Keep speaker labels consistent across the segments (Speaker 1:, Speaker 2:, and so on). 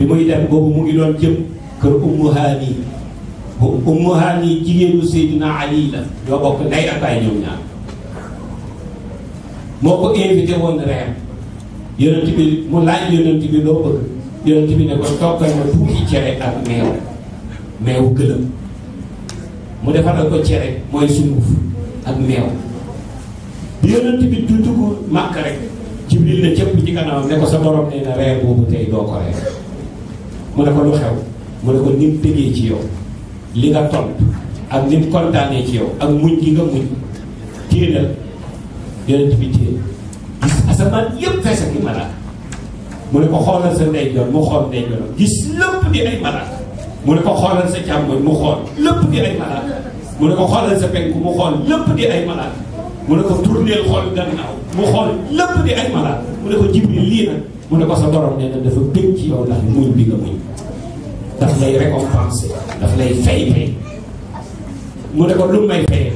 Speaker 1: bi muy dem boobu mu ngi doon jëm kër ummu haani bu ummu haani jigéenu Seydina Ali la ñoo bokk ndey ak baay ñoom ñaar moo ko invité woon reer yonent bi mu laaj yonent bi loo bëgg yonent bi ne ko toggal ma cere ak meew meew gëlëm mu defaral ko cere mooy sunguf ak meew bi yonent bi du dugg rek jibril na cëpp ci kanamam ne ko sa borom nee na reer boobu tey doo ko mu ne ko lu xew mu ne ko ni mu ci yow li nga tontu ak ni mu kontaanee ci yow ak muñ gi nga muñ téenal yonent bi téen gis asamaan mu ne ko xoolal sa ndeyjoor mu xool ndeyjooram gis lépp di ay mu ne ko xoolal sa càmmoñ mu lépp di mu ne ko xoolal sa penku mu ay malaaka mu ne ko tourneel xool gannaaw lii nag mu ne ko sa borom nee na dafa bëgg ci yow ndax muñ bi nga muñ
Speaker 2: daf lay récompenser
Speaker 1: daf lay fay fay mu ne ko lu may fayee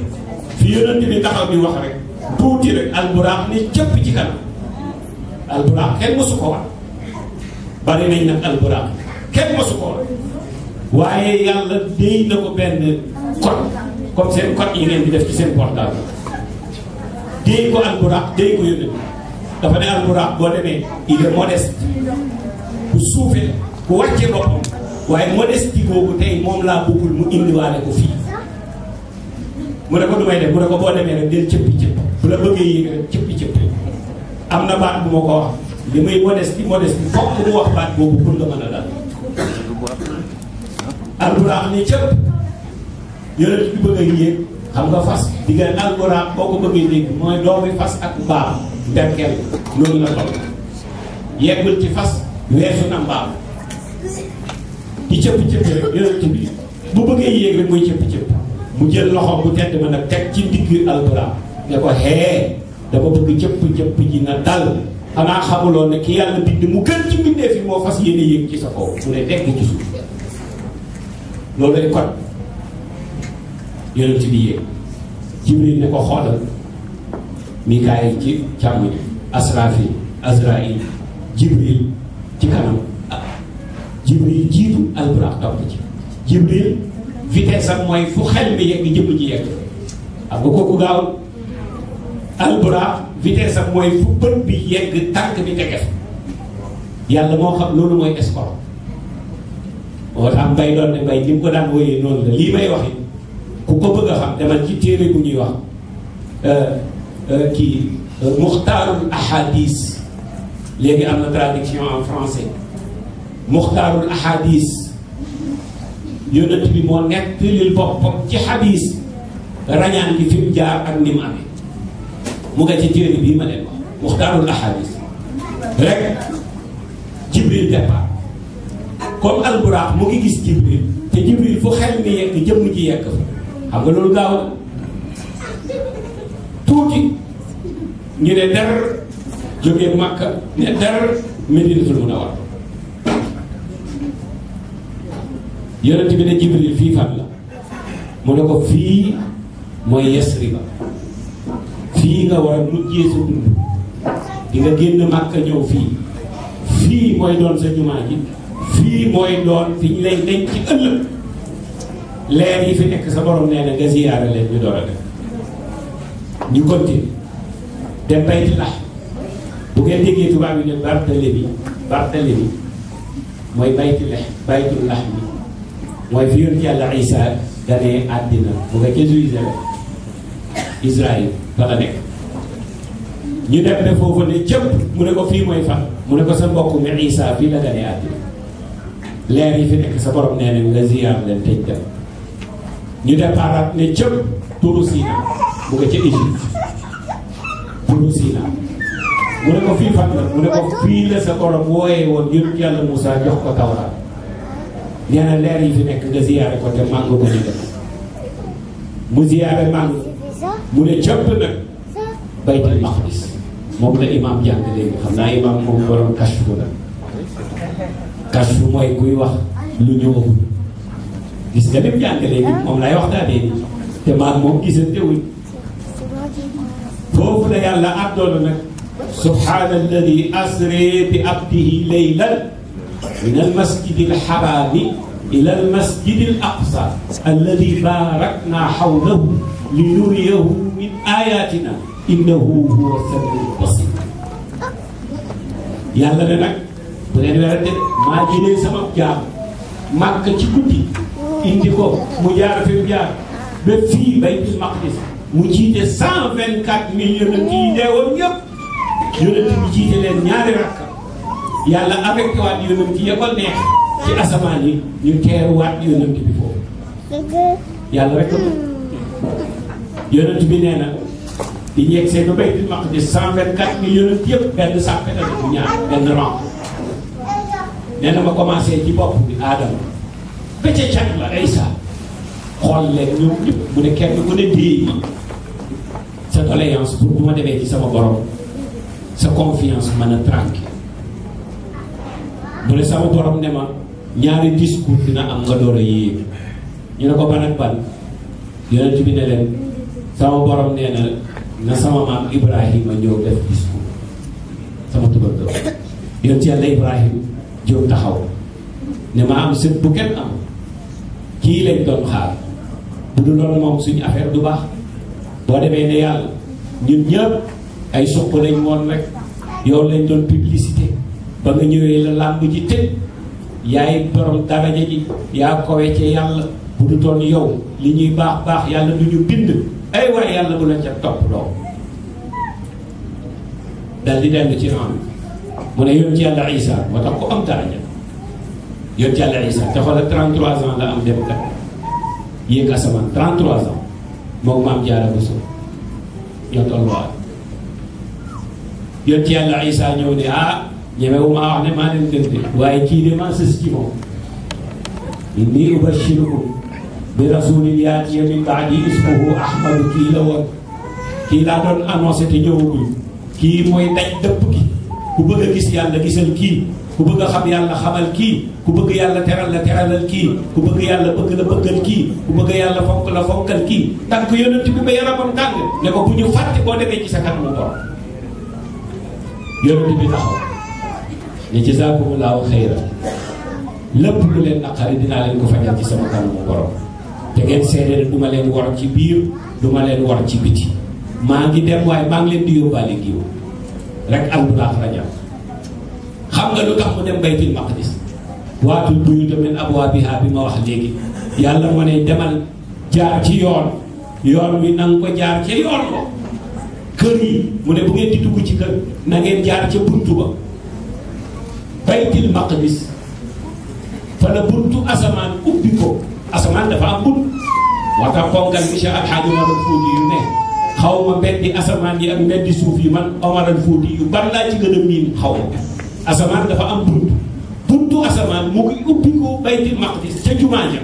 Speaker 1: fi yonent bi taxaw bi wax rek tuuti rek alburaax ne cëpp ci kanam alburaax kenn mosu ko bari nañ nag alburaax kenn mosu ko waaye yàlla déy na ko benn code comme seen code yi ngeen di def ci seen portable déy ko alburaax déy ko yonent dafa ne alburaax boo demee il est modeste bu suufee bu wàccee boppam waaye modestie boobu tey moom laa bëggul mu indiwaale ko fii mu ne ko du may mu ne ko boo demee rek del cëppi cëpp bu la bëggee yéeg rek cëpp am na baat bu ma ko wax li muy modestie modestie fokk mu wax baat boobu pour nga mën a dal alburaax ni cëpp yonent bi bëgg a yéeg xam nga fas diggante alburaax boo ko bëggee yéeg mooy doomi fas ak mbaam berkel loolu la toll yeggul ci fas weesu na mbaam di cëpp-cëpp rek yonent bi bu bëggee yéeg rek mooy cëpp-cëpp mu jël loxo bu tedd ma nag teg ci ndigg alquran ne ko hee dama bëgg cëpp-cëpp ji na dal xanaa xamuloon ne ki yàlla bind mu gën ci bindee fi moo fas yéene yéeg ci sa kaw mu ne dekk ci suuf loolu lay kon yonent bi yéeg jibril ne ko xoolal mikaayil ci càmmoñ asraafil azrail jibril ci kanam jibril jiitu alburaax topp ci jibril vitesse am mooy fu xel mi yegg jëmm ji yegg xam nga kooku gaawul alburaax vitesse am mooy fu bët bi yegg tànk bi tege fa yàlla moo xam loolu mooy escort moo tax mbay doon ne mbay ni mu ko daan wooyee noonu la lii may waxi ku ko bëgg a xam demal ci téere bu ñuy wax euh, euh, kii muxtaarul ahadis léegi am na traduction en français muxtaarul ahadis yonent bi moo nekk lil boppam ci xadis rañaan gi fi jaar ak ni mu amee mu nga ci téere bii ma leen wax muxtaarul ahadis rek jibril départ comme alburaax mu ngi gis jibril te jibril fu xel mi yegg jëmm ji yegg fa xam nga loolu gaaw tuuti ñu ne der jógee Makka ne der Medinatul Munawwara yonent bi ne Jibril fii fan la mu ne ko fii mooy Yasriba fii nga war a mujjee sa dund génn Màkka ñëw fii fii mooy doon sa jumaa ji fii mooy doon fi ñu lay denc ci ëllëg leer yi fi nekk sa borom nee na nga ziyaara leen ñu door a def ñu continuer dem bayti lax bu ngeen déggee tubaab yi ne Barthélemy Barthélemy mooy bayti lex baytul lax bi mooy fi yonent yàlla Isa danee àddina bu nga jésuise Israël fa la nekk ñu foofu ne jëpp mu ne ko fii mooy mu ne ko sa mbokk mi Isa fii la danee àddina leer yi fi nekk sa borom nee nañ la ziyaar leen tëj dem ñu départ ne turu Sina mu nga ca turu Sina mu ne ko fii mu ne ko fii la sa borom wooyee woon yonent yàlla Moussa jox ko Tawraat nee na leer yi fi nekk nga ziyaare ko te màng mu ne mu ziyaare màng mu ne cëpp nag baytul maqdis moom la imaam jàng léegi xam naa imaam moom la kashfu mooy kuy wax lu ñëwagul gis nga dem jàng léegi moom lay waxtaanee ni te maag moom gisante wuñ foofu la yàlla àndoon nag subhaana asri bi abdihi laylan min almasjidi alxaraami ila almasjidi alaqsa alladi baarakna xawlahu li nuriyahu min ayatina innahu huwa samiu basir yàlla ne nag bu leen werante maa jëlee sama jaam màkk ci guddi indi ko mu jaar fi mu jaar ba fii baytul maqdis mu jiite 124 mille yonent yi deewoon ñëpp yonent bi jiite leen ñaari rakk yàlla affecté waat ci ya neex ci asamaan yi ñu teeruwaat yonent bi
Speaker 2: foofu
Speaker 1: yàlla rek yonent bi nee di yegg seen ba baytul maqdis cent vingt quatre benn sàppe la bu ñaar benn rang nee na ma commencé ci bopp bi aadama bëccëg cat la Isa xool leen ñoom ñëpp ne déey sa doléance pour bu demee ci sama borom sa confiance mën a tranquille mu ne sama borom ne ma ñaari discours dina am nga door a yéeg ñu ne ko ban ak ban yonent bi ne leen sama borom nee na sama maam Ibrahima ñëw def discours sama tubandoo yonent yàlla Ibrahima jóg taxaw ne ma am sët bu kenn am kii lañ doon xaar bu du doon moom suñu affaire du baax boo demee ne yàlla ñun ñëpp ay suq lañ woon rek yow lañ doon publicité. ba nga ñëwee la làmb ji tëj yaay borom daraja ji yaa kowe ci yàlla bu du doon yow li ñuy baax baax yàlla du ñu bind ay waay yàlla bu la ca topp doo dal di dellu ci ram mu ne yoon ci yàlla Isa moo tax ko am daraja yoon ci yàlla Isa dafa la 33 ans la am dem kat yéeg asamaan 33 ans moom maam jaara bu so ñoo tolluwaat yoon ci yàlla Isa ñëw ne ah ñemewu maa ah, ne maa leen gën de waaye kii de maa sës ci moom inni ubashirukum bi rasulin yaati min baadi ismuhu ahmadu kii la woon kii laa doon annoncé te ñëwaguñ kii mooy daj dëpp gi ku bëgg a gis yàlla gisal kii ku bëgg a xam yàlla xamal kii ku bëgg yàlla teral la teralal kii ku bëgg yàlla bëgg la bëggal kii ku bëgg yàlla fonk la fonkal kii tànk yonent bi ba yaramam tàng ne ko bu ñu fàtte boo demee ci sa kanamu borom yonent bi taxaw ne jazaakumullaahu xayra lépp lu leen naqari dinaa leen ko fajal ci sama kanamu borom te ngeen seede ne leen war ci biir du ma leen war ci biti maa ngi dem waaye maa ngi leen di yóbbaale giw rek albulaax rajam xam nga lu tax mu dem baytul maqdis waatul buyuta min abwaabiha bi ma wax léegi yàlla moo ne demal jaar ci yoon yoon wi na ko jaar ca yoon ko kër yi mu ne bu ngeen di dugg ci kër na ngeen jaar ca buntu ba baytil maqdis fa la buntu asamaan ubbi ko asamaan dafa am bunt moo tax ponkal monsieur Alxaaji Omar yu ne xaw ma mbeddi asamaan yi ak mbeddi suuf yi man Omar Fuuti yu ban laa ci gën a miin xaw ma asamaan dafa am bunt buntu asamaan mu ngi ubbi ko baytil maqdis ca jumaa ja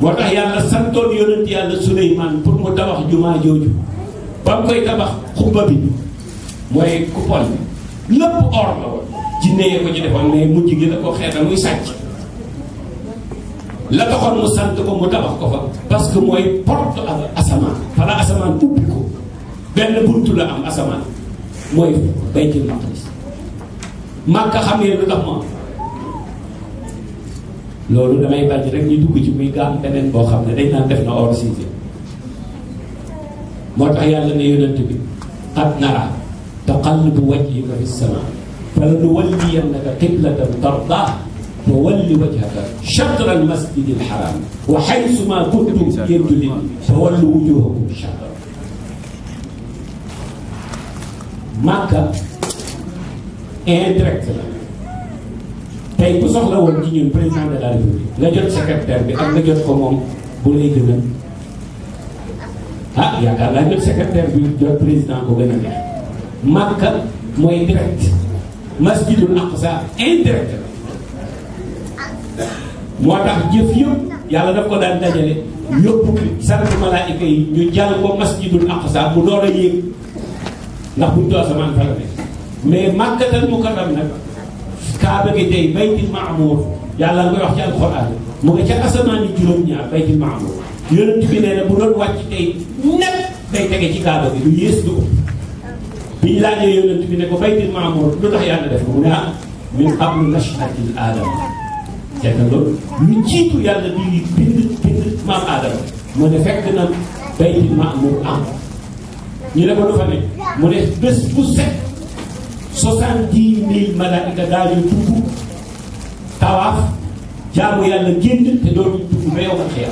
Speaker 1: moo tax yàlla santoon yonent yàlla Suleymaan pour mu tabax jumaa jooju ba mu koy tabax xubba bi mooy coupole bi lépp or la woon jinne yee ko ci defoon mais mujj gi da ko xeetal muy sàcc la taxoon mu sant ko mu tabax ko fa parce que mooy porte ak asamaan fala asamaan ubbi ko benn buntu la am asamaan mooy baytul ma màkka xam ngeen lu tax ma loolu damay bàjj rek ñu dugg ci muy gaam beneen koo xam ne dañ naan def na or moo tax yàlla ne yonent bi qad nara taqallubu wajhika fi samaa فلنولينك قبلة ترضاها فول وجهك شطر المسجد الحرام وحيث ما كنتم يبدو فولوا وجوهكم شطرا Màkka indirect la tey bu soxla woon ci ñun président de la république nga jot secrétaire bi ak nga jot ko moom bu lay gën a ah yaakaar naa jot secrétaire bi jot président ko gën a neex Màkka mooy direct masjidul aqsa indirect la moo tax jëf yëpp yàlla daf ko daan dajale yóbbu saratu malaayika yi ñu jàll ko masjidul aqsa mu door a yéeg ndax buñ doo asamaan fa la ne mais màkkatal mukarram nag kaaba gi tey baytil maamuur yàlla nga wax ci alxuraan mu nga ca asamaan yi juróom-ñaar baytil maamuur yonent bi nee na bu doon wàcc tey nekk day tege ci kaaba bi lu yées du biñ laajee yonent bi ne ko baytil maamuur lu tax yàlla def ko mu ne ah min qablu nash'atil aadama fekk loolu lu jiitu yàlla di bind bind maam aadama mu ne fekk na baytil maamuur am ñu ne ko du fa ne mu ne bés bu set soixante-dix mille malaayika daañu dugg tawaaf jaamu yàlla génn te dooñu dugg ba yow a xeex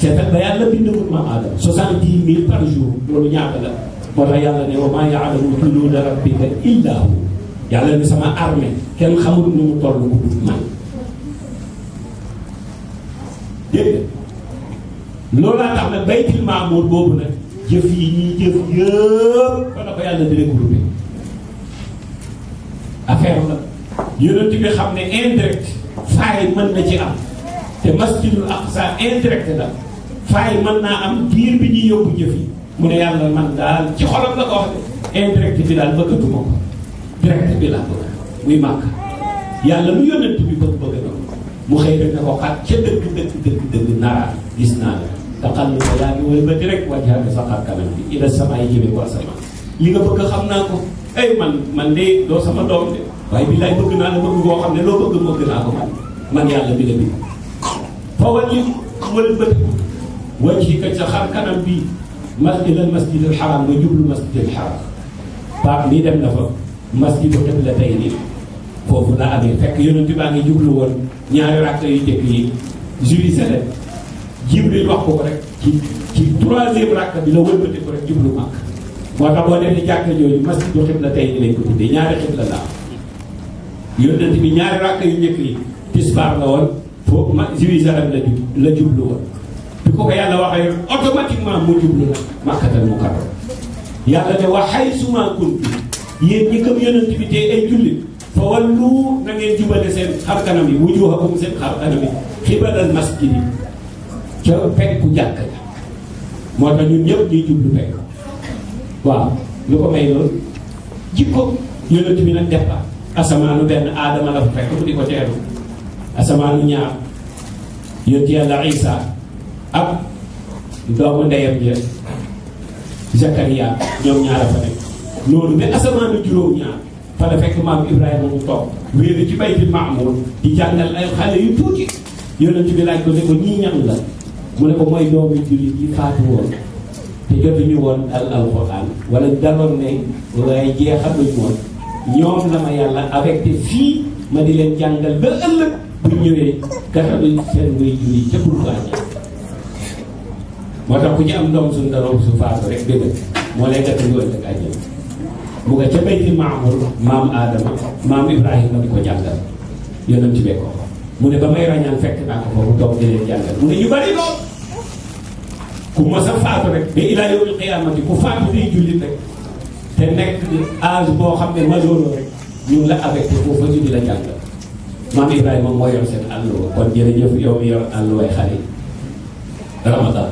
Speaker 1: seetal ba yàlla bindagul maam aadama soixante-dix mille par loolu ñaata la moo tax yàlla ne wa maa yaalamu junuuda rabbika illa hu yàlla ne sama armée kenn xamul nu mu toll mu dul man dégg tax nag baytil maamuur boobu nag jëf yi ñuy jëf yëpp fa la ko yàlla di regroupé affaire la yonent bi xam ne indirect faay man na ci am te masjidul aqsa indirect la faay mën naa am diir bi ñuy yóbbu jëf yi mu ne yàlla man daal ci xolam la ko wax de indirect bi daal ko direct bi laa bëgg muy màgg yàlla mu yónnent bi bëgg bëgg na ne ko xat ca dëkk dëkk dëkk dëkk nara gis naa la taqallu ko yaa ngi wala ba direct wàccaale sa xar kanam ila samaay jëme ko asamaan li nga bëgg xam naa ko ay man man de do sama doom de waaye billaay bëgg naa la bëgg boo xam ne loo bëgg bëgg ko man man yàlla bi la bi fa wàññi wëlbati wàññi ko ca xar kanam bii mas ilal masjidil xaram nga jublu masjidil xaram paap nii dem na fa masjidu qiblatayni foofu la amee fekk yonent baa ngi jublu woon ñaari rakka yu njëkk yi juli sele jibril wax ko ko rek ci bi la jub ko rek jublu màkk moo tax boo la yonent la woon foofu woon bi ko ko yàlla waxee automatiquement mu jublu nag màkkatal mu kàddu yàlla ne wa haysuma kuntum yéen ñi gëm yonent bi te ay jullit fa wallu na ngeen jubale seen xar xar kanam yi xibalal masjid yi ca penku jàkk ja moo tax ñun ñëpp ñuy jublu penk waaw lu ko may loolu jikko yonent bi nag def la asamaanu benn aadama la fa fekk mu di ko teeru asamaanu ñaar yonent yàlla Isa ak doomu ndeyam ja Zakaria ñoom ñaar a fa nekk loolu ba asamaanu juróom-ñaar fa la fekk maam Ibrahima mu toog wéeru ci baytul maamur di jàngal ay xale yu tuuti yonent bi laaj ko ne ko ñii ñan la mu ne ko mooy doomu jullit yi faatu woon te jotuñu woon al alquran wala ne waaye jeexaluñ woon ñoom la ma yàlla affecté fii ma di leen jàngal ba ëllëg bu ñëwee nga xam seen way julli ca burkaaña moo tax ku ci am doom suñu dara su rek dëgg moo lay gàtt ñu ëllëg àjjana mu nga ca bayti maamul maam Adama maam Ibrahima di ko jàngal yónnam ci beekoo mu ne ba may ràññaan fekk naa ko foofu doom di leen jàngal mu ne ñu bari doom ku mos a faatu rek ba ilaa yawmil qiyaamati ku faatu day jullit rek te nekk âge boo xam ne majeur rek la affecté foofu ñu di la jàngal maam Ibrahima moo yor seen àll kon jërëjëf yow mi yor àll way xale yi ramadan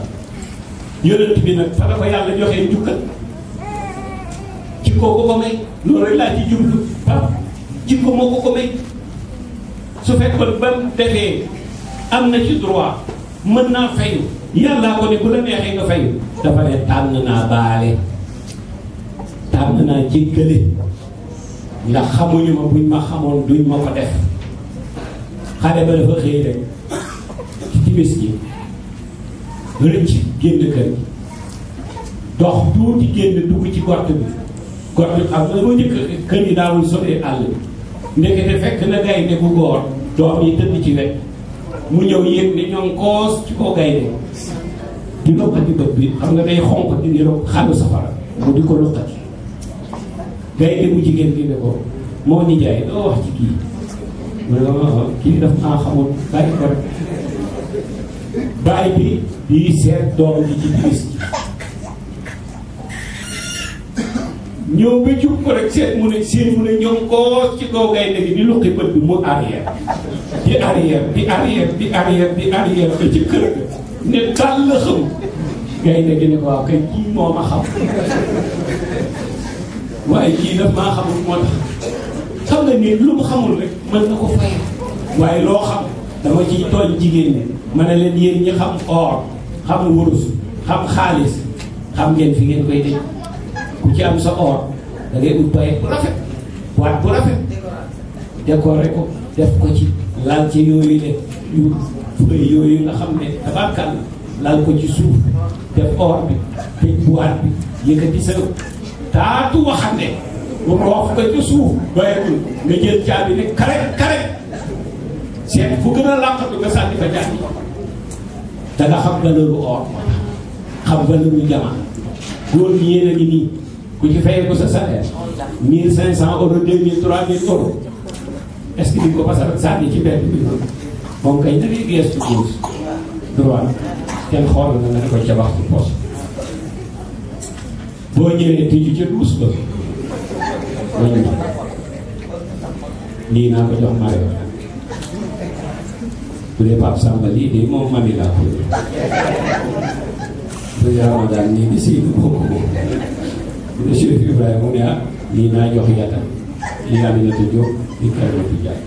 Speaker 1: yonent bi nag fa la yàlla joxee njukkal ci kooku ko may loolu rek laa ci jublu pap moo ko ko may su fekkoon ba defee am na ci droit mën naa fayu yàllaa ko ne bu la neexee nga fayu dafa ne tànn naa baale tànn naa jéggale ndax xamuñu ma buñ ma xamoon duñ ma ko def xale ba dafa xëy rek ci timis gi rëcc génn kër gi dox tuuti génn dugg ci gott bi gott bi xam nga moo njëkk kër yi daawul sotee àll bi ndekete fekk na gaynde bu góor doom yi tëdd ci wet mu ñëw yéeg ne ñoom koos ci koo gaynde di lokkati bët bi xam nga day xonk di niroog xalu mu ko lokkati gaynde bu jigéen gi ne ko moo nijaay doo wax ci kii mu ne ko ah, ah, kii daf ko rek baay bi di seet doom ji ci gis ñëw ba jub ko rek seet mu ne seen mu ne ñoom koo ci kaw gaynde gi di luqi bët bi mu arrière di arrière di arrière di arrière di arrière ba ci kër ne tàll xam gaynde gi ne ko kay moo ma xam waaye kii daf maa xamul moo tax xam nga ni lu mu rek mën na ko fay waaye loo xam dama ciy tooñ jigéen ñi ma ne leen yéen ñi xam or xam wurus xam xaalis xam ngeen fi ngeen koy def ku ci am sa or da ngay ut bayet bu rafet waat bu rafet décoré ko def ko ci laal ci yooyu ne yu fëy yooyu nga xam ne tabarkal laal ko ci suuf def or bi tëj buwaat bi yëkkati sa taatu waxande mu roof ko ci suuf doyatul nga jël caabi ne karet karet seet fu gën a làqatu nga sànni fa caabi da nga xam valeur bu or xam valeur bu jama góor gi yéen a ngi nii ku ci fayee ko sa salaire 1500 euros 2000 3000 euros est-ce que ko fasal ak sànni ci benn bi moom kay da ngay gestu gauche droite kenn xool na nga koy jabax ci poche boo ñëwee tëju ca douche ba. nii naa ko jox Mario. bu dee Pape Samba lii de moom mami laa ko président Ramadan nii di sii du bokk moom bu dee Chérif Ibrahima mu ne ah lii naa jox yatta lii naa Aminata Diop lii Karimatu Jaay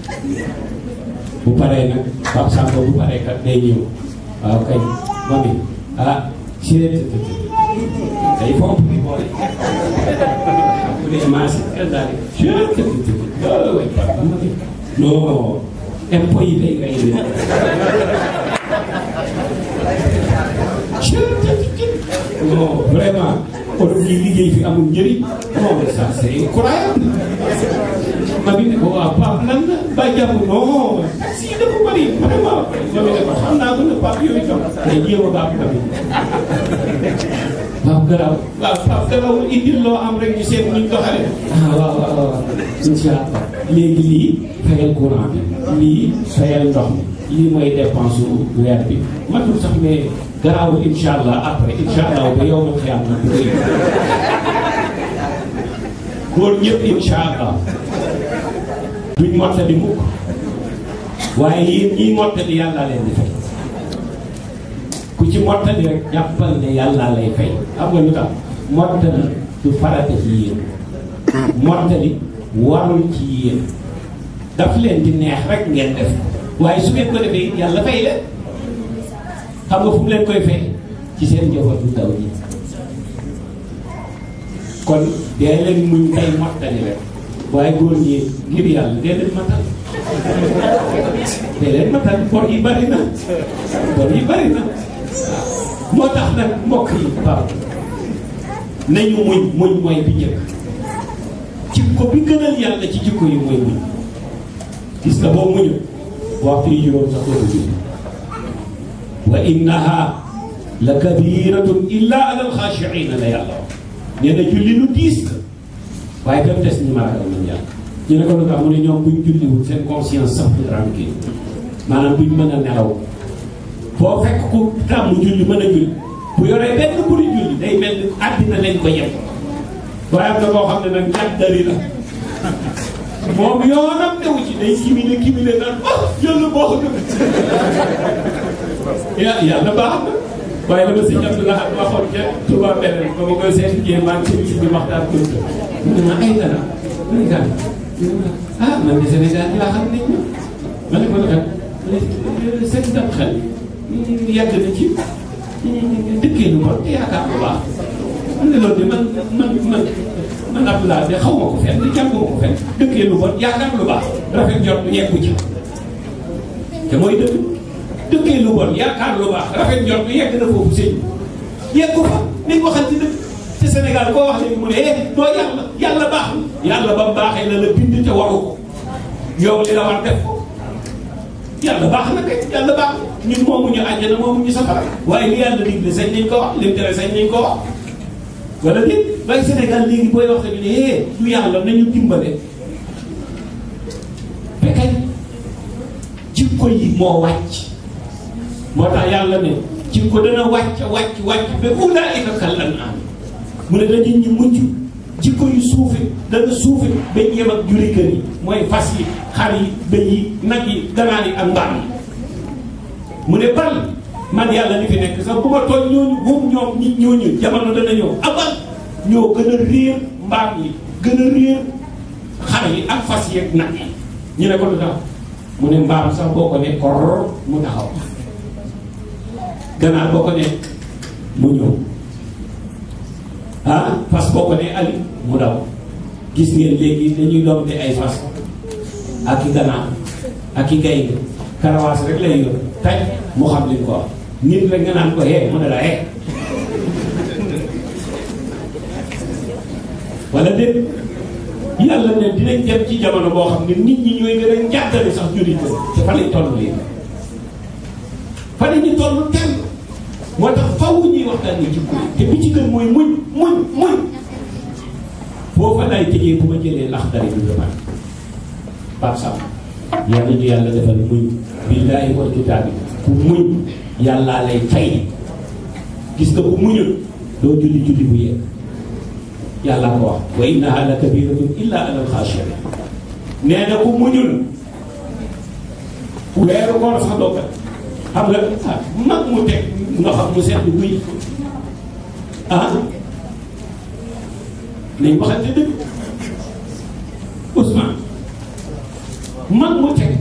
Speaker 1: bu paree nag Pape Samba bu paree kat day ñëw waaw kay mami ah Chérif day fomp di boole bu dee maa si kenn daal di Chérif non non impôt yi day rey de. non vraiment kon ñi liggéey fi amul njëriñ non ça c' est
Speaker 2: incroyable.
Speaker 1: ma ne ko waaw Pape lan la ba jàpp non si dafa bëri vraiment ñoom itam xam naa ko ne Pape yooyu tam day jéem a baax tamit. Pape Galaw waaw Pape Galaw indil loo am rek ñu seet ñu doxalee. ah waaw waaw waaw incha allah. léegi lii fayal courant bi lii fayal ndox mi lii mooy dépense u weer bi matul sax ne garaawul incha allah après incha allah ba yow ma xiyam na bu góor ñëpp incha allah duñ mottali mukk waaye yéen ñiy mottali yàlla leen di fay ku ci mottali rek jàppal ne yàlla lay fay xam nga lu tax mottali du farata ci yéen mottali warul ci yéen daf leen di neex rek ngeen def waaye su ngeen ko defee yàlla fay la xam nga fu mu leen koy fay ci seen njabootu ndaw ji kon dee leen muñ tey mottali rek waaye góor leen matal dee leen bari na bor bari na moo tax nag mbokk yi nañu muñ muñ mooy bi njëkk jikko bi gënal yàlla ci jikko yi mooy muñ gis nga boo muñu waxtu yi juróom sax doo muñu julli waaye tam des ñu maakal nañ yàlla ñu ne ko lu tax mu ne ñoom buñ julliwul seen conscience sax du tranquille maanaam buñ mën a nelaw boo fekk ku tàmm julli mën a julli bu yoree benn buri julli day mel ni àddina lañ ko yem waaye am na boo xam ne nag ñàkk dali la moom yoonam tewu ci day simile kimile naan oh yàlla baax na yàlla baax na waaye la ma sëñ Abdoulaye Abdoulaye waxoon ca Touba beneen ba ma koy seeti jee maa ngi sëñ bi waxtaan ko mu ne ma ay dara man gaa ah man de Sénégal yi laa xam nañ ñu ma ne ko nag seen dam xel yàgg na ci dëkkee lu bon te yaakaar man de loolu de man man man man Abdoulaye de xaw ma ko fenn jànguma ko fenn dëkkee lu bon yaakaar lu baax rafet njort lu yegg na foofu sëñ yeggu fa nañ waxal ci dëkk te Sénégal koo wax léegi mu ne eh doo yàlla yàlla baax yàlla ba mu baaxee la la yàlla baax na kay yàlla baax ñun moomuñu àjjana moomuñu safara waaye li yàlla digle sañ nañ ko wax li mu tere sañ nañ ko wax. wala déet waaye Sénégal léegi booy wax rek ne eh, du yàlla nañu dimbale fekkay jikko yi moo wàcc moo tax yàlla ne jikko dana wàcc wàcc wàcc ba ulaa'ika kal an'aam mu ne dañu ñu mujj jikko yu suufe dana suufe ba yem ak juri yi mooy fas yi xar yi bëy yi nag yi ganaar yi ak mbaam yi mu ne bal man yàlla li fi nekk sax bu ma tooñ ñooñu buum ñoom ñi ñooñu jamono dana ñëw abal ñoo gën a réer mbaam yi gën a réer xar yi ak fas yeeg nag yi ñu ne ko lu tax mu ne mbaam sax boo ko ne kor mu taxaw ganaar boo ko ne mu ñëw ah fas boo ko ne ali mu daw gis ngeen léegi dañuy doom te ay fas ak i ganaar ak i gaynde karawaas rek lay yor taj mu xam li ko wax nit rek nga naan ko hee mu ne la hee wala déet yàlla ne dinañ dem ci jamono boo xam ne nit ñi ñooy gën a njàddale sax jullit te fa lañ toll léegi fa lañu toll kenn moo tax faw ñuy waxtaan ni jikko te bi ci gën mooy muñ muñ muñ foofa laay tëjee bu ma jëlee lax dara bi daman Pape Sam yal nañu yàlla defal muñ billaahi wal kitaabi ku muñ yàllaa lay fay gis nga bu muñul doo julli julli bu yegg yàllaa ko wax wa innaha la kabiratun illa ala alxaashirin nee na ku muñul weeru koor sax doo ko xam nga ah mag mu teg ndoxam mu seetlu muy ah nañ waxante dëgg Ousmane mag mu teg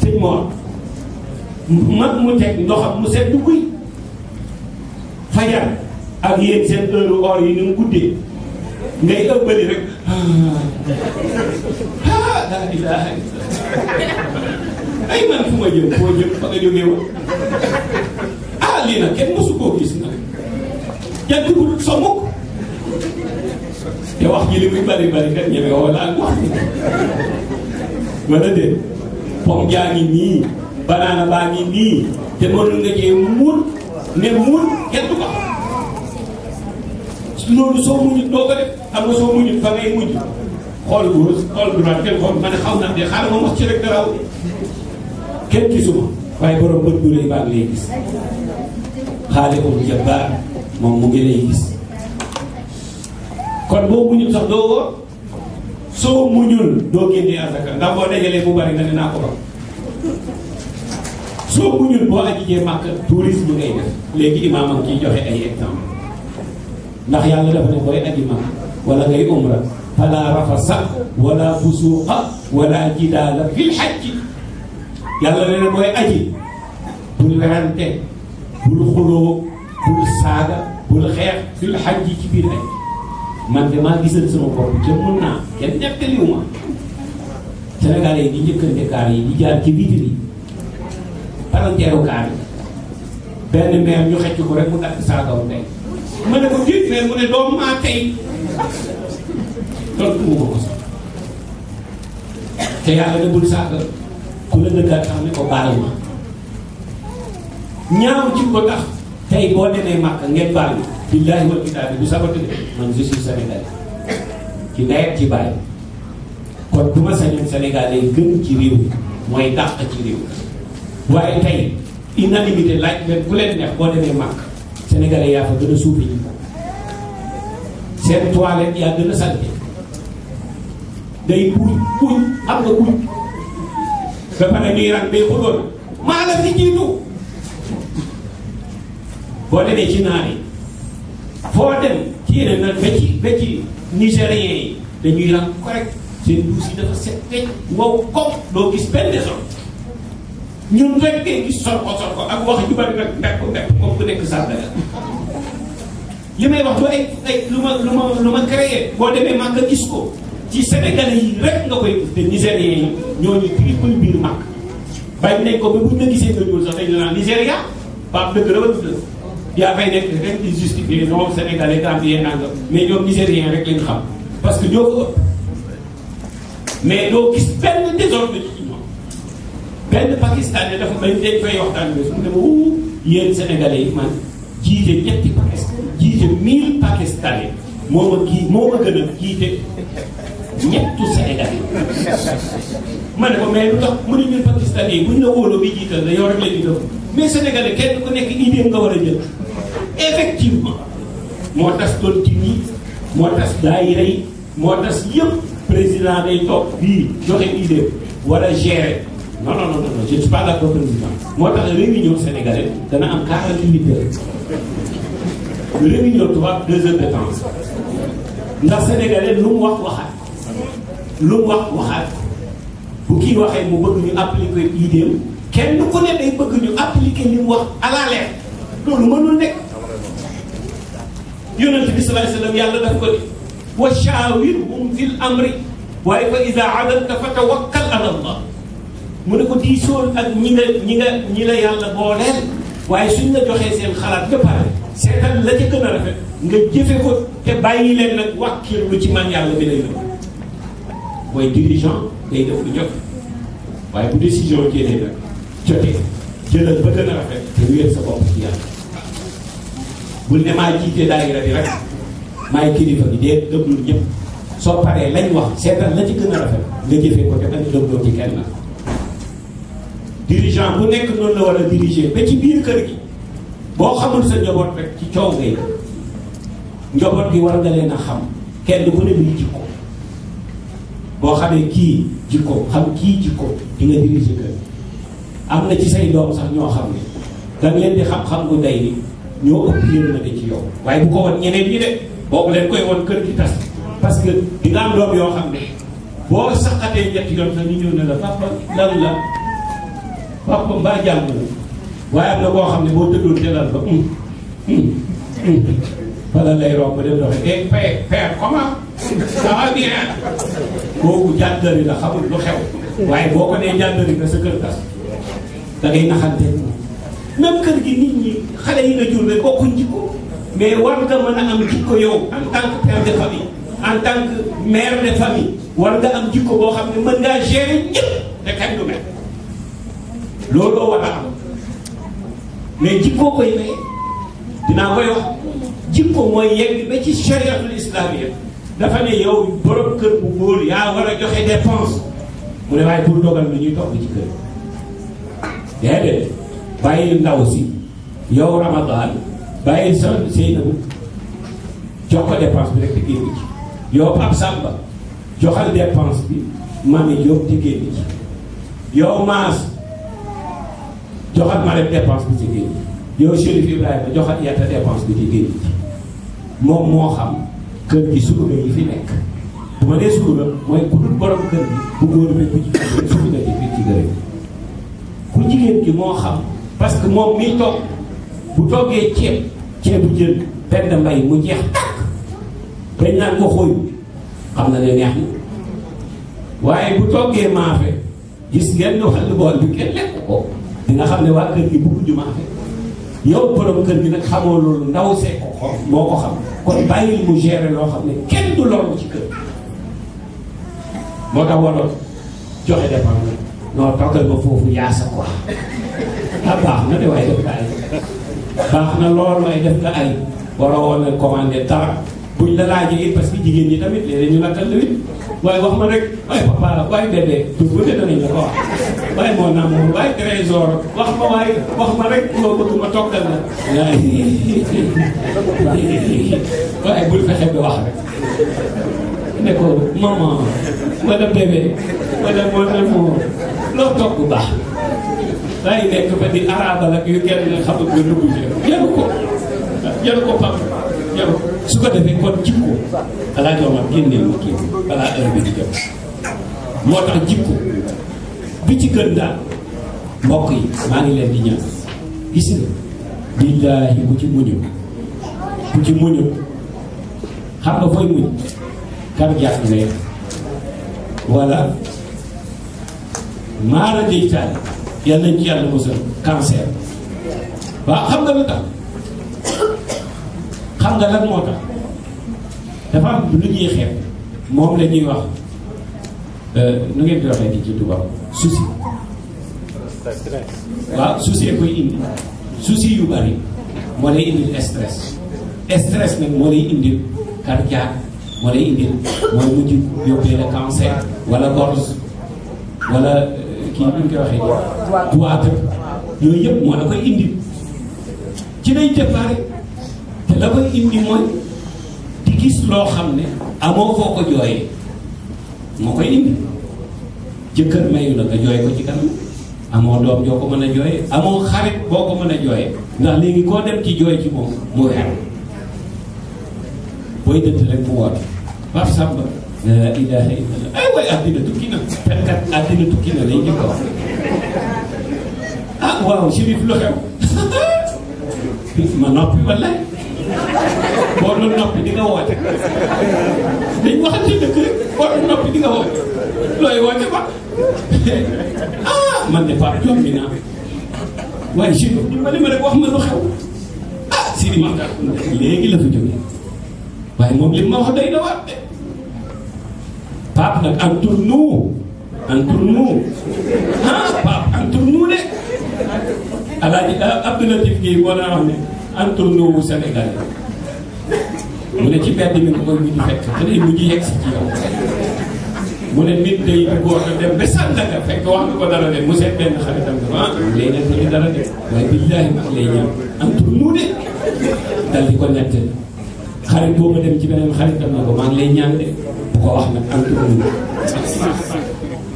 Speaker 1: sëñ mag mu teg ndoxam mu set du kuy fajar ak yéen seen heure or yi ni mu guddee ngay ëppali rek ah laa ilaaha illallaah ay man fu ma jëm foo jëm fa nga jógee woon ah lii nag kenn mosu koo gis nag jant bu sommuk te wax ji li muy bari bari kat ñeme wala ak wax wala déet pom jaa ngi nii banaana baa ngi nii te mënul nga cee muul ne muul kenn du ko loolu soo muñut doo ko def xam nga soo muñut fa ngay mujj xool góor xool droit kenn xool ma ne xaw na de xaaral ma mos ci rek daraw kenn gisuma waaye borom bët bu rëy baa moom mu ngi lay gis kon boo muñut sax doo wóor soo muñul doo génnee asaka ndax boo dajalee bu bari nga ne naa ko soo ko ñun boo ajijee màkk tourisme ngay def léegi imaam a ngi ciy joxe ay exemple ndax yàlla dafa ne booy aji màkk wala ngay umra fala rafasa wala fusuqa wala jidaala fil xajji yàlla ne ne aji bul werante bul xuloo bul saaga bul xeex fil xajji ci biir aj man de maa gisal sama bopp jëmm naa kenn nettaliwu ma Sénégalais yi di njëkkante kaar yi di ci vitre yi palanteeru kaa bi benn meer ñu xëcc ko rek mu dagg saagaw ndey ma ne ko ngir mais mu ne doomu maa tey te yàlla ne bul ku la ko baal ma ñaaw ci ko tax tey boo demee Màkka ngeen baal ma billaahi wal kitaabi bu sabati de man je suis ci ndey ci bàyyi kon du ma sañoon sénégalais gën ci réew mooy dàq ci réew waaye tey unanimité laaj leen ku leen neex boo demee màkk sénégalais yaa fa gën a suufi yi seen toilette yaa gën a salte day buuj buuj am nga buuj dafa ne ñuy rang day xutoon maa la fi jiitu boo demee ci naar yi foo dem ci ne nag ba ci ba dafa set wecc wow koŋ doo gis benn désordre ñun rek ngay gis sor ko sor ko ak wax ju bari rek mbekk mbekk comme ku nekk Sandaga li may wax ba ay lu ma lu ma lu ma créé boo demee mag nga gis ko ci sénégalais yi rek nga koy gis te nigériens yi ñooñu kii koy biir mag bàyyi nañ ko ba buñ la gisee nga ñuul sax dañ la naan Nigéria Pape dëgg la wala dëgg yaa fay nekk rek di justifier non sénégalais gambien nanga mais ñoom nigérien rek lañ xam parce que ñoo mais loo gis benn désordre benn pakistanais dafa may dañ fay waxtaan bi su mu ne ma wuu yéen sénégalais yi man jiite ñetti pakistan jiite mille pakistanais moo ma kii moo ma gën a jiite ñettu sénégalais ma ne ko mais lu tax mu ne ñun pakistanais yi buñ la wóoloo bi jiital la yow rek la ñu def mais kenn ku nekk idée nga war a jël effectivement moo tas doon moo tas daayira yi moo tas yëpp président day toog bii joxe idée wala gérer non non non non je ne suis pas d'accord président moo tax réunion sénégalais dana am 48 heures réunion tubaab 2 heures de temps ndax sénégalais lu mu wax
Speaker 2: waxaat
Speaker 1: lu mu wax waxaat bu kii waxee mu bëgg ñu appliquer idéem kenn ku ne day bëgg ñu appliquer li mu wax à la lettre loolu mënul nekk yonent bi sallallahu alayhi wa sallam yàlla daf ko di wa shaawirhum fil amri waaye fa iza azamta fa tawakkal ala allah mu ne ko diisool ak ñi nga ñi nga ñi la yàlla booleel waaye suñ la joxee seen xalaat ba pare seetal la ca gën a rafet nga jëfe ko te bàyyi leen nag wàkkiirlu ci man bi lay la mooy lu waaye bu décision jëlee nag jotee jëlal ba gën a rafet te wéer sa bopp ci yàlla maa jiite kilifa bi dee dëglul ñëpp soo paree lañ wax seetal la ci gën a rafet nga jëfee ko te bañ a dëgloo ci kenn dirigeant bu nekk noonu la war a diriger ba ci biir kër gi boo xamul sa njaboot rek ci coow ngay njaboot gi war nga leen a xam kenn ku ne muy jikko boo xamee kii jikko xam kii jikko di nga diriger kër am na ci say doom sax ñoo xam ne danga leen di xam-xam gu day ni ñoo ëpp yërmande ci yow waaye bu ko woon ñeneen ñi de boobu leen koy woon kër gi tas parce que di nga am doom yoo xam ne boo saxatee ñetti yoon sax ñu ñëw ne la papa lan papa mbaa jàngu waaye am na koo xam ne boo tëddoon ca lal ba bala lay romb dem doxe eh père père comment ça va bien kooku jàndari la xamul lu xew waaye boo ko nee jàndari nga sa kër tas da ngay naxante même kër gi nit ñi xale yi nga jur ne bokkuñ jikko mais war nga mën a am jikko yow en tant que père de famille en war nga am jikko boo xam ne mën ngaa gérer ñëpp te kenn du mel looloo war a am mais jikko koy maye dinaa koy wax jikko mooy yegg ba ci chariatul islamia dafa ne yow borom kër bu góor yaa war a joxe dépense mu ne waaye pour dogal lu ñuy togg ci kër déedéet bàyyi ndaw si yow Ramadan bàyyi sa Seynabou jox ko dépense bi rek te génn ci yow Pape Samba joxal dépense bi Mami Diop te génn ci yow Maas joxat ma leen dépense bi ci génn yow Chérif Ibrahima joxat ci génn moom moo xam kër gi surga yi fi nekk bu ma dee surga mooy ku dul borom kër gi bu góor bi jigéen surga jigéen gi moo xam parce que moom mi toog bu toggee ceeb ceebu jën benn mbay mu jeex tàkk dañ naan ko xóoy xam na ne neex na waaye bu toggee maafe gis ngeen lu xel bool bi kenn lekk ko di nga xam ne waa kër gi bëgg jumaa fekk yow borom kër gi nag xamoo loolu ndaw see ko xor moo ko xam kon bàyyil mu gérer loo xam ne kenn du loru ci kër moo tax waloon joxe defar na non toggal ma foofu yaasa quoi ah baax na de waaye def nga ay baax na lool waaye def nga ay waroo woon na commandé dara buñ la laajee it parce que jigéen ñi tamit léeg-léeg ñu nattal la waaye wax ma rek waaye papa waaye bébé tur bu ne danañ la ko wax waaye moo naa moom waaye trésor wax ma waaye wax ma rek loo bëgg ma la waaye bul fexe bi wax rek ne ko maman wala bébé wala wala waaye nekk fa di arabal ak yu kenn xamul nga dugg
Speaker 2: ci jaru ko
Speaker 1: jaru ko papa ñëw su ko defee kon jikko balaa jox ma génneel ma kii balaa heure bi moo tax jikko bi ci gën daal mbokk yi maa ngi leen di ñaan gis nga billaahi bu ci muñu bu ci muñu xam nga fooy muñ kam jàpp ne wala maara deytaan yàlla nañ ci yàlla mosal cancer waaw xam nga lu tax xam nga lan moo tax dafa am lu ñuy xeeb moom la wax euh, nu ngeen di waxee di ci tubaab souci waaw souci koy indi souci yu bari moo lay indil stress stress nag moo lay indil cardiaque moo lay indil mooy mujj yóbbee la cancer wala gorge wala euh, kii ñu koy waxee. boite yooyu yëpp moo la koy indil ci lay déparé. te la koy indi mooy di gis loo xam ne amoo foo ko jooyee moo koy indi jëkkër mayu la nga jooy ko ci kanam amoo doom joo ko mën a jooyee amoo xarit boo ko mën a jooyee ndax koo dem ci jooy ci moom mu weer booy dëtt rek mu woote Pape Samba la ilaha illallah ay waay àddina tukki na fenkat àddina a ah, waaw Chérif lu xew ma noppi wallaay boo dul noppi di nga dañ waxante looy woote ah man de Pape jombi naa si ñu ma li ma rek wax ma lu xew ah Sidi Makhtar léegi la fa jógee waaye moom ma day dawaat de Pape nag entre nous entre nous ah Pape entre nous de Alaaji euh, Abdoulatif Gueye boo naa ne entourné wu Sénégal mu ne ci mbedd mi ko koy mujj fekk te day mujj yegg si ci yow mu ne nit day góor a dem ko de mu seet benn xaritam ko ah léegi nag ñu mu de dal di ko nettali xarit boobu dem ci beneen xaritam na ko maa ngi lay ñaan de bu ko wax nag entourné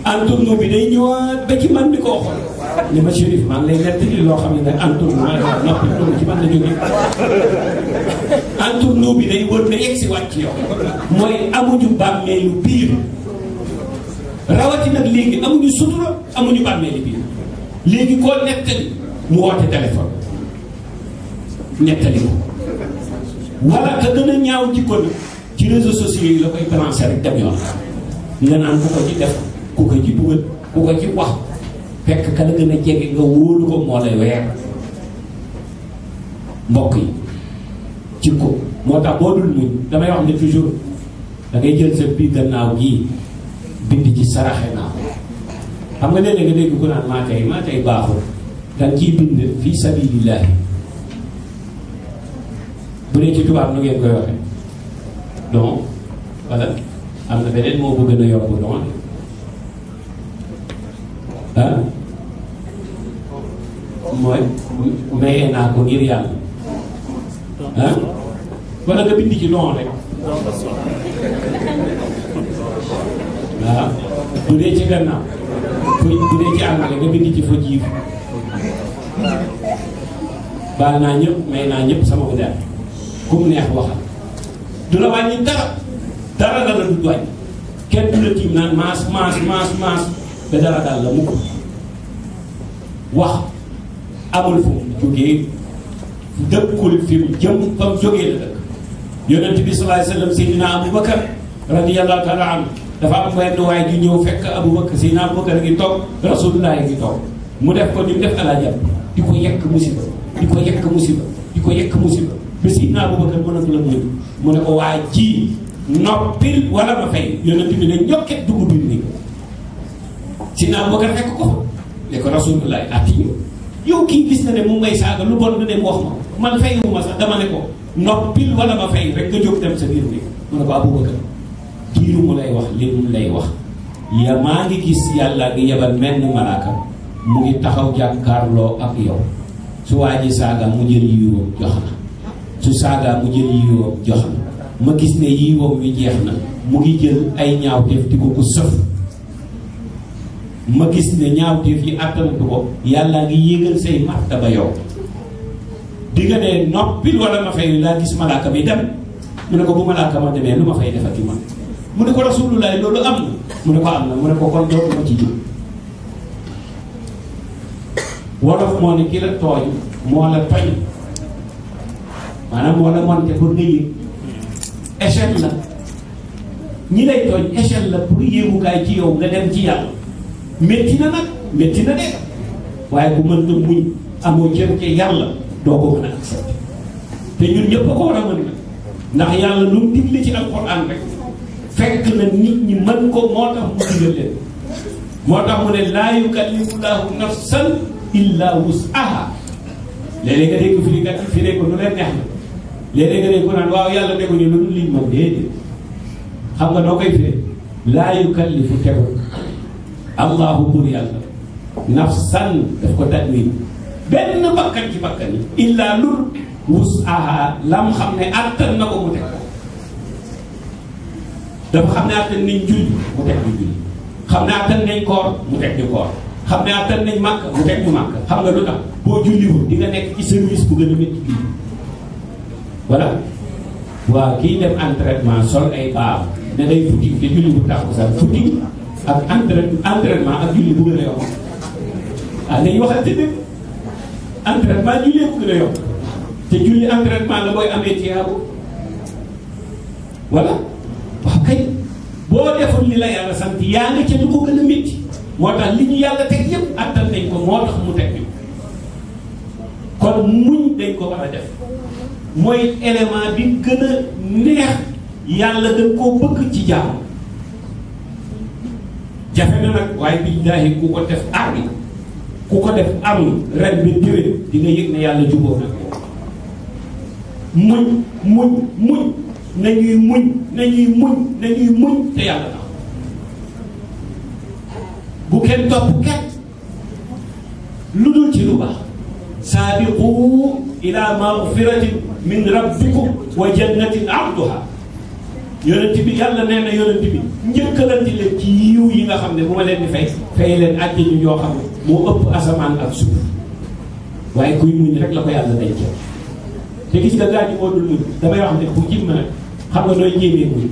Speaker 1: entourné bi day ñëwaat ba ci man mi ko waxoon li ma Chérif maa ngi lay nettali loo xam ne nag entournement noppi loolu ci mën na jóge entournement bi day wër na yegsiwaat ci yow mooy amuñu bàmmeelu biir rawati nag léegi amuñu sutura amuñu bàmmeelu biir léegi koo nettali mu woote téléphone nettali ko wala ka gën a ñaaw jikko na ci réseaux sociaux yi la koy balancer rek dem yoon nga naan ku ko ci def ku ko ci dugal ku ko ci wax fekk ka la gën a jege nga wóolu ko moo lay weer mbokk yi ci ko moo tax boo dul muñ damay wax ne toujours da ngay jël sa biir naaw gii bind ci saraxe naa xam nga léeg-léeg nga dégg ku naan maa tey maa tey baaxul danga ciy bind fii sabilillahi bu dee ci tubaab nu ngeen koy waxe donc voilà am na beneen moo bëgg na yokk donc ah mooy mayee naa ko ngir yàlla ah wala nga ci non rek waaw dee ci gannaaw bu dee ci àngale nga bind ci fa jiif baal naa ñëpp may naa ñëpp sama udaar ku mu neex waxal du la wàññi dara dara la la du kenn du la tiim naan maas maas maas maas ba dara daal la mukk wax amul fu mu jógee dëkkul fi mu jëm fa mu jógee la dëkk yonent bi sallallahu alayhi wa sallam Seydina dafa am benn waaye di ñëw fekk Aboubacar Seydina Aboubacar a toog rasulullah a toog mu def ko ni mu def alaajam di ko yekk musiba di ko yekk musiba di ko yekk musiba ba Seydina Aboubacar mën na la mu mu ne ko waa ji noppil wala ma fay bi ne ñokket dugub bi nii Seydina Aboubacar fekk ko ne rasulullah ati ñu yow kii gis na ne mu may saaga lu bon lu dem wax ma man fayuma sax dama ne ko noppil wala ma fay rek nga jóg dem sa biir bi mu ne ko Aboubacar diiru mu lay wax li mu lay wax ya maa ngi gis yàlla ngi yebal mel ni malaaka mu ngi taxaw jàkkaarloo ak yow su waa ji saaga mu jël yiiwoom jox na su saaga mu jël yiiwoom jox na ma gis ne yiiwoom wi jeex na mu ngi jël ay ñaaw def di ko sëf ma gis ne ñaawteef yi àttanatu ko yàllaa ngi yéegal say martaba yow di nga ne noppil wala ma fay laa gis malaaka bi dem mu ne ko bu malaaka ma demee lu ma fay defati man mu ne ko rasulullah loolu am na mu ne ko am na mu ne ko kon dootu ma ci jóg wolof moo ne ki la tooñ moo la toñ maanaam moo la monte pour nga yëg échelle la ñi lay tooñ échelle la pour yéegukaay ci yow nga dem ci yàlla métti na nag métti na de waaye bu mën na muñ amoo jëm ca yàlla doo ko mën a accepté te ñun ñëpp ko war a mën nag ndax yàlla lu mu digle ci alxuraan fekk na nit ñi mën ko moo tax mu digal leen moo tax mu ne laa yukallifullahu nafsan nga fi dee ko nu leen neex na léeg-léeg nga dégg ko naan waaw yàlla ne ko ñu lu dul liñ moom déedéet xam nga doo koy firee laa yukallifu tegu allahu buur yàlla nafsan daf ko tadwin benn bakkan ci bakkan yi illaa lur wus aha lam xam ne attan na ko mu teg dafa xam ne attan nañ julli mu teg ñu julli xam ne attan nañ koor mu teg ñu koor xam ne attan nañ màkk nga lu tax boo julliwul di nga nekk ci service bu gën a métti julli voilà waa kii dem entraînement sol ay baax ne day futti te julliwul tàkkusaan futti ak entraînement ak julli bu gën a yomb ah dañuy waxal ci dëgg entraînement julli bu gën a te julli entraînement la booy amee tiyaabu voilà waaw kay boo defoon li la yàlla sant yaa nga ca du ko gën a métti moo tax li ñu yàlla teg yëpp attan nañ ko moo tax mu teg ñu kon muñ dañ ko war a def mooy élément bi gën a neex yàlla dañ koo bëgg ci jaamu. jafe na nag waaye billaahi ku ko def armi ku ko def armi ren bi déwén di yëg ne yàlla jubóo nag muñ muñ muñ nañuy muñ nañuy muñ muñ te yàlla tax bu kenn topp kenn lu dul ci lu baax saabiqu ila magfiratin min rabbikum wa jannatin arduha yonent bi yàlla nee na yonent bi njëkkalante leen ci yiw yi nga xam ne bu ma leen di fay fay leen àjj ñu ñoo xam ne moo ëpp asamaan ak suuf waaye kuy muñ rek la ko yàlla denc te gis nga gaañu moo dul muñ damay wax ne bu jimma nag xam nga nooy jéemee muñ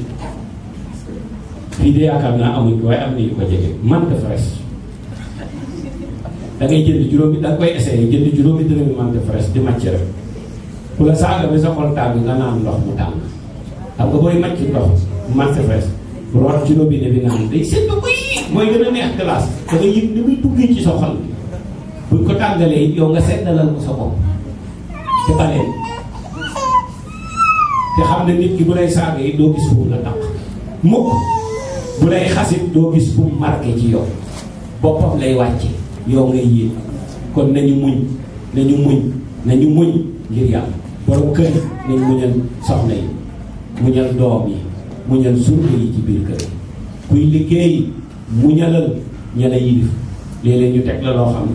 Speaker 1: fii de yaakaar naa amuñ ko waaye am na yu ko jege man de fraîche da ngay jënd juróomi da koy essayé jënd juróomi dërëmi man de di màcc rek ku la saaga bi sa xol tàng nga naan ndox mu tàng xam nga booy màcc ndox man de root ci robinet bi naan day sedd buy mooy gën a neex glace da nga yëg ni muy duggee ci sa xol buñ ko tàngalee yow nga seddalal sa bopp te baleen te bu lay saaga yi doo gis fu mu la mu marqué yi muñal doom yi muñal surga yi ci biir kër kuy liggéey muñalal ña la yilif léeg-léeg ñu teg la loo xam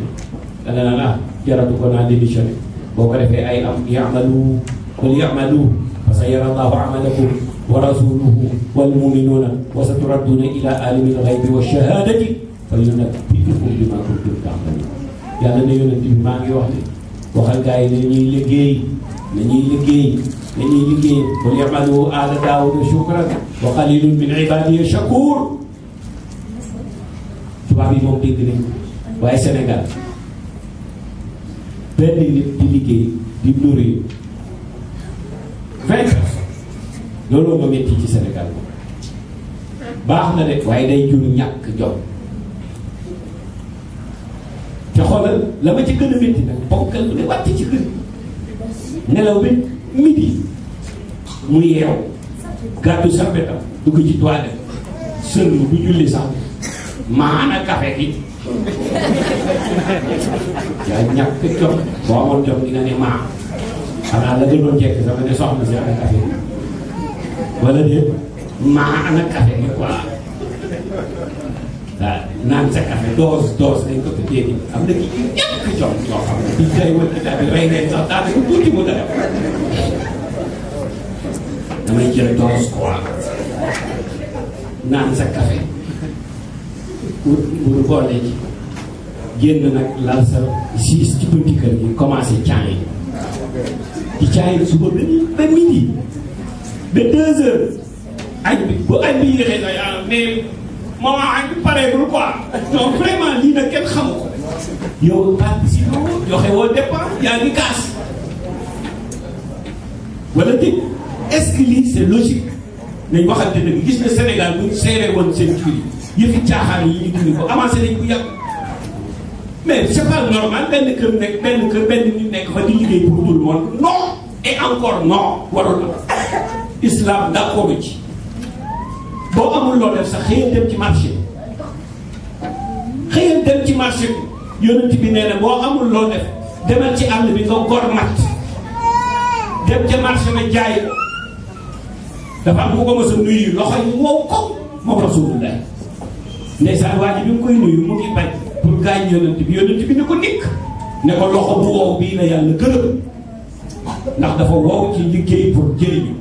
Speaker 1: ne dana la ah jaratu ko naa démissionné boo ko defee ay am yamalu qul yamalu fa sayara allahu amalakum wa rasuluhu wal muminuuna wa saturadduuna ila alimi lxaybi wa shahadati fa yunabbiukum bima kuntum taamaluun yàlla na yonent bi maa ngi wax ne waxal gars yi ne ñuy liggéey na ñuy liggéey dañuy liggéey qul i'malu aala daawuda shukran wa qalilun min ibaadiya shakuur tubaab yi moom dégg nañu waaye Sénégal benn nit di liggéey di nourrir vingt looloo ma métti ci Sénégal moom baax na de waaye day jur ñàkk jom te xoolal la ma ci gën a métti nag bokkal bu ne wàcc ci kër nelaw bi midi mu yeew gàddu sarbetam dugg ci toilette sëlmu du julli sax maana café gi yaa ñàkk jom boo amoon jom di nga ne maa xanaa la gënoon jekk sama ne soxna si ana café gi wala déet maa ana café gi quoi waaw naan sa café doos doos lañ ko tuddee nii am na ki ñàkk jom ñoo xam ne bii day wër kitaab bi rey leen sax daanaka tuuti mu dara damay jël doos quoi naan sa café pour pour boole ci génn nag lal sa siis ci bunti kër gi commencé caay di caay suba ba ba midi ba deux heures añ bi bu añ bi yéexee sax mais. maman añ bi pareegul quoi donc vraiment lii nag kenn xamu ko yow participe woo joxe woo dépense yaa ngi kaas wala dégg est-ce que lii c'est logique nañ waxante gis na Sénégal buñ seeree woon seen jur yi yëfi caaxaan yi ñu dund ko avancé nañ bu yàgg mais c'est pas normal benn kër nekk benn kër benn nit nekk fa di liggéey pour tout le monde non et encore non warul islam d'accord ci. boo amul loo sax xëyal dem ci marché bi xëyal dem ci marché bi yonent bi nee na boo amul loo def demal ci àll bi nga gor mat dem ca marché ba jaay dafa am ku ko mos a nuyu loxo yi wow ko moom rasulullah ndeysaan waa ji bi mu koy nuyu mu ngi bañ pour gaañ yonent bi yonent bi ni ko nikk ne ko loxo bu wow bii la yàlla gërëm ndax dafa wow ci liggéey pour jëriñu